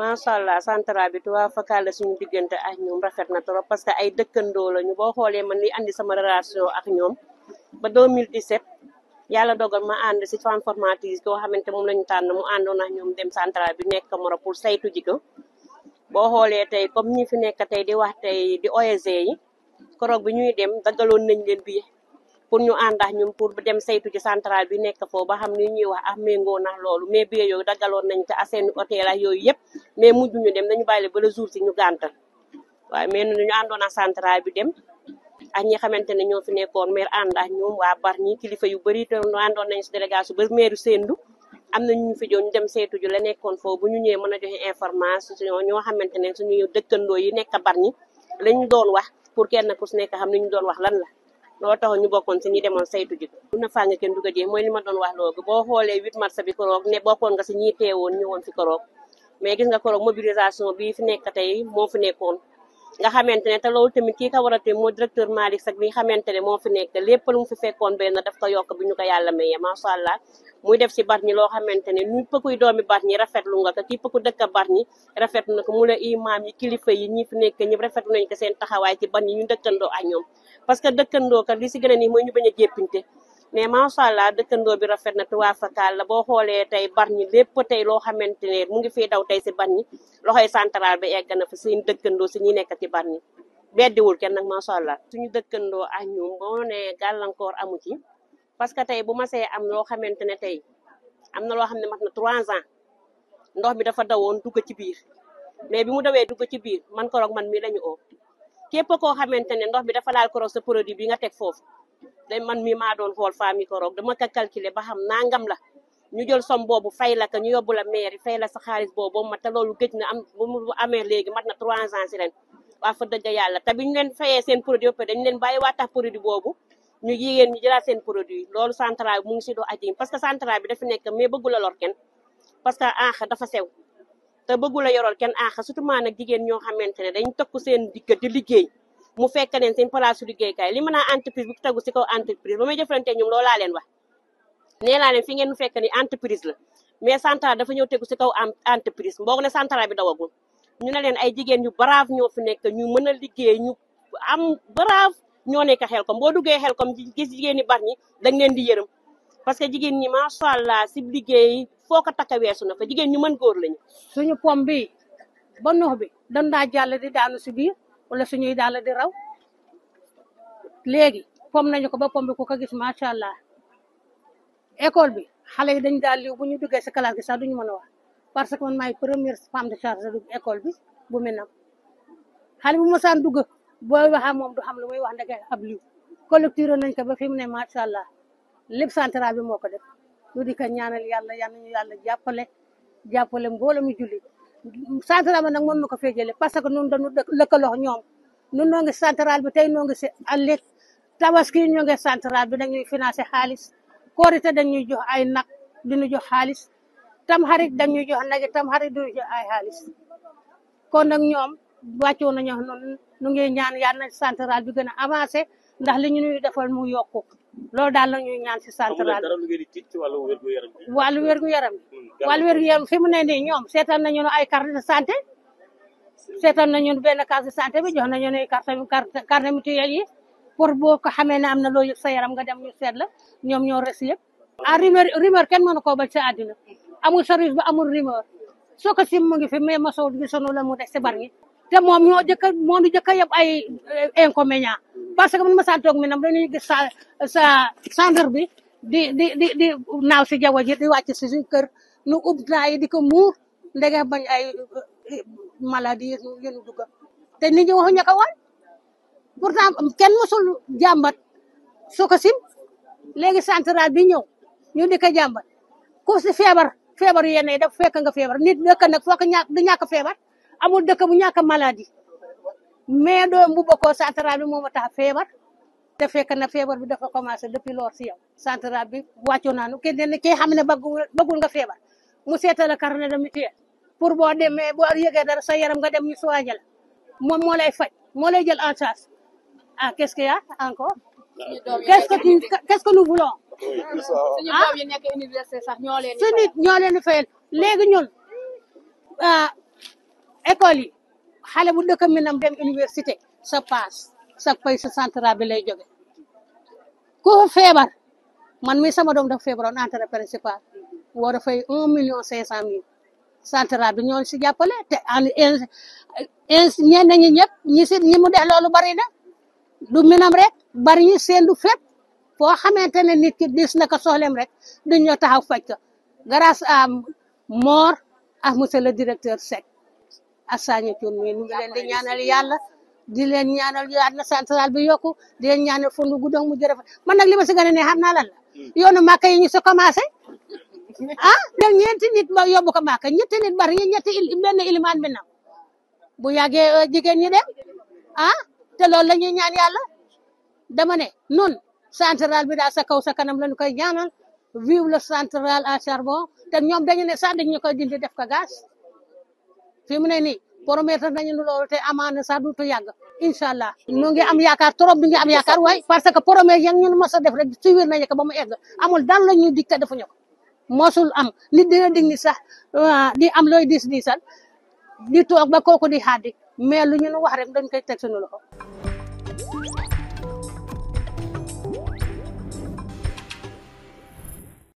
macha allah central bi tubaab fakal la suñu diggante ak ñoom rafet na trop parce que ay dëkkandoo la ñu boo xoolee man li indi sama relation ak ñoom ba 2017 yàlla dogal ma ànd si femme formatrice koo xamante moom la ñu tànn mu àndoon ak ñoom dem central bi nekk moro pour saytu ji ko boo xoolee tey comme ñi fi nekk tey di wax tey di OSG yi koroog bi ñuy dem daggaloon nañ leen bi pour ñu àndax ñun pour dem saytu centrale bi nekk foofu ba xam ni ñuy wax ah méngoo nax loolu mais biee yooyu daggaloon nañ ko ak seen hôtel ak yooyu yëpp mais mujj ñu dem dañu bàyyi ba le jour si ñu gàntal waaye mais ñu àndoon ak bi dem ak ñi xamante ne ñoo fi nekkoon maire ànd ak ñoom waa kilifa yu bëri àndoon nañ si délégation ba maire Sendou am na ñu fi dem saytu ju la nekkoon foofu bu ñu ñëwee mën a informance information ñoo xamante ne suñu dëkkandoo yi nekk bar ñi doon wax pour kenn ku si nekk xam ni ñu doon wax lan la loo taxoon ñu bokkoon si ñi demoon saytu ji mun mooy li ma doon wax loogu boo xoolee 8 mars bi koroog ne bokkoon nga si ñi mais gis nga koroog mobilisation bii fi nekk tey moo fi nekkoon nga xamante ne te loolu tamit kii ka war a te moo directeur Malick Sack bi nga xamante ne moo fi nekk lépp lu mu fi fekkoon benn daf ko yokk bi ñu ko yàlla maye macha allah muy def si ñi loo xamante ne ñu pëkkuy doomi Bargny rafetlu nga ko kii pëkku dëkk Bargny rafetlu na ko mu la imaam yi kilifa yi ñi fi nekk ñëpp rafetlu nañ ko seen taxawaay ci ñi ñu dëkkandoo ak ñoom parce que dëkkandoo kat li si gën a nii ñu bañ a jéppinte mais macha allah dëkkandoo bi rafet na tuwaa fakal la boo xoolee tey Bargny lépp tey loo xamante ne mu ngi fiy daw tey si Bargny loxoy central bi egg na fa seen dëkkandoo si ñi nekk ci Bargny beddiwul kenn nag macha allah suñu dëkkandoo ak ñun gàllankoor amu ci parce que tey bu ma am loo xamante ne tey am na loo xam ne mat na trois ans ndox bi dafa dawoon dugg ci biir mais bi mu dawee dugg ci biir man koroog man mii la ñu oo képp koo xamante ne ndox bi dafa laal koroog sa produit bi nga teg foofu day man mi maa doon xool faa mi koroog dama ko calculer ba xam nangam la ñu jël som boobu fay la ka ñu yóbbu la mairie fay la sa xaalis boobu ma te loolu gëj na am bu mu amee léegi mat na trois ans si ren waa fa dëgg yàlla te ñu leen fayee seen produit ba pare dañu leen bàyyi waatax produit boobu ñu yigéen ñu jëlaat seen produit loolu central bi mu ngi si doo ajim parce que central bi dafa nekk mais bëggula lor kenn parce que ah dafa sew te bëggu la yorol kenn aaxa surtout maa na jigéen ñoo xamante ne dañ tokku seen dikk di liggéey mu fekk leen seen place su liggéeykaay li mën a entreprise bu tegu si kaw entreprise ba may jëflante ñoom loolu laa leen wax nee naa leen fi ngeen fekk ni entreprise la mais central dafa ñëw tegu si kaw entreprise mboog ne central bi dawagul ñu ne leen ay jigéen yu brave ñoo fi nekk ñu mën a liggéey ñu am brave ñoo nekk xel kom boo duggee xel kom gis jigéen ñi baax ñi dañ leen di yërëm parce que jigéen ñi macha si liggéey foo ko takk weesu na fa jigéen ñu mën góor lañu. suñu pom bi ba nox bi dañ daa jàll di daanu si biir wala suñuy daal di raw léegi pom nañu ko ba pom bi ku ko gis macha allah école bi xale yi dañ daal li bu ñu duggee si classe gi sax duñu mën a wax parce que man première femme de charge de école bi bu mel na xale bu mosaan dugg booy waxaa moom du xam lu muy wax ndeke ab liw collecture nañ ko ba fi allah. lépp santera bi moo ko def ñu di ko ñaanal yàlla yal nañu yàlla jàppale jàppale mbooloo mi julli santera bi nag mën na ko fee jëlee parce que nun dañu lëkkaloo ñoom nun noo ngi central bi tey noo ngi si àllit tabaski ñoo ngi central bi dañuy financé xaalis korité dañuy jox ay nag duñu jox xaalis tam xarit dañuy jox nag tam xarit duñu ay xaalis kon nag ñoom wàccoo nañu noonu nu ngi ñaan yàlla na central bi gën a avancé ndax li ñu ñuy defal mu yokku loolu daal na ñu ñaan si central wàllu wérgu yaram bi wàllu wérgu yaram hmm, fi mu ne nii ñoom seetal nañu ne ay carte de santé seetal nañu ne benn carte de santé bi jox nañu ne carte carte mutuelle yi pour boo ko xamee ne am na loo sa yaram nga dem ñu seet la ñoom ñoo res yëpp ah rumeur rumeur kenn mënu koo ba sa àddina amul service ba amul rumeur soo ko sim mu ngi fi mais mosoo gisanu la mu des si bar ñi te moom ñoo jëkk a moo ñu jëkk a yeb ay eh, inconvénient parce que man ma saa toog mi nam dañuy gis sa sa centre bi di di di di naaw si jaww ji di wàcc si suñu kër nu ub naa yi di ko muur ndege bañ ay eh, maladie yu ñu te nit ñi waxuñu ko pourtant kenn mosul jàmbat soo ko sim léegi central bi ñëw ñu di ko jàmbat ku si feebar feebar yenn yi daf fekk nga feebar nit dëkk nag foo ko ñàkk du ñàkk amul dëkk bu ñàkk maladie mais doom bu bokkoo central bi moo ma tax feebar te fekk na feebar bi dafa commencé depuis lors si yow central bi wàccu naanu kenn ki kii xam ne bëggul nga feebar mu seetal carnet de mutuelle pour boo demee boo yëgee dara sa yaram nga dem ñu soo la moom moo lay faj moo lay jël en charge ah qu'est-ce qu'il a encore qu'est-ce que tu qu'est-ce que nous voulons ah sax ñoo leen di fayal ñun ah école yi xale bu dëkk mi nam dem université sa paas sa pay sa central bi lay jóge ku feebar man mi sama doom dafa feebaroon entrée principal woo dafay un million cinq cent mille central bi ñoo si jàppale te en ñenn ñi ñëpp ñi si ñi mu def loolu bari na du minam rek bari ñi seen du fépp foo xamante ne nit ki dis na ko rek duñ ñoo taxaw faj ko grâce à Mor ak directeur Seck Assane Thioune mi ñu ngi leen di ñaanal yàlla di leen ñaanal yàlla central bi yokku di leen ñaanal fondu guddoog mu jërëf man nag li ma si gën a ne xam naa lan la hmm. yoonu màkka yi ñu si commencé ah ñoom ñeenti nit ba yóbbu ko màkka ñetti nit bari ñetti il benn ilimaan bi nag bu yàggee euh, jigéen ñi dem ah te loolu la ñaan yàlla dama ne nun central bi daal sa kaw sa kanam lañu koy ñaanal vive le central à charbon te ñoom dañu ne sax dañu koy dindi def ko gaz. fi mu ne nii promettre nañu loolu te amaana sax duutu yàgg incha allah ñu am yaakaar trop ñu ngi am yaakaar waaye parce que promesse yang ñun mos a def rek suivre nañu ko ba mu egg amul daan la ñuy dig te defuñu ko mosul am nit dina dig ni sax di am looy diis diisal di toog ba kooku di xaadi mais lu ñu nu wax rek dañ koy teg suñu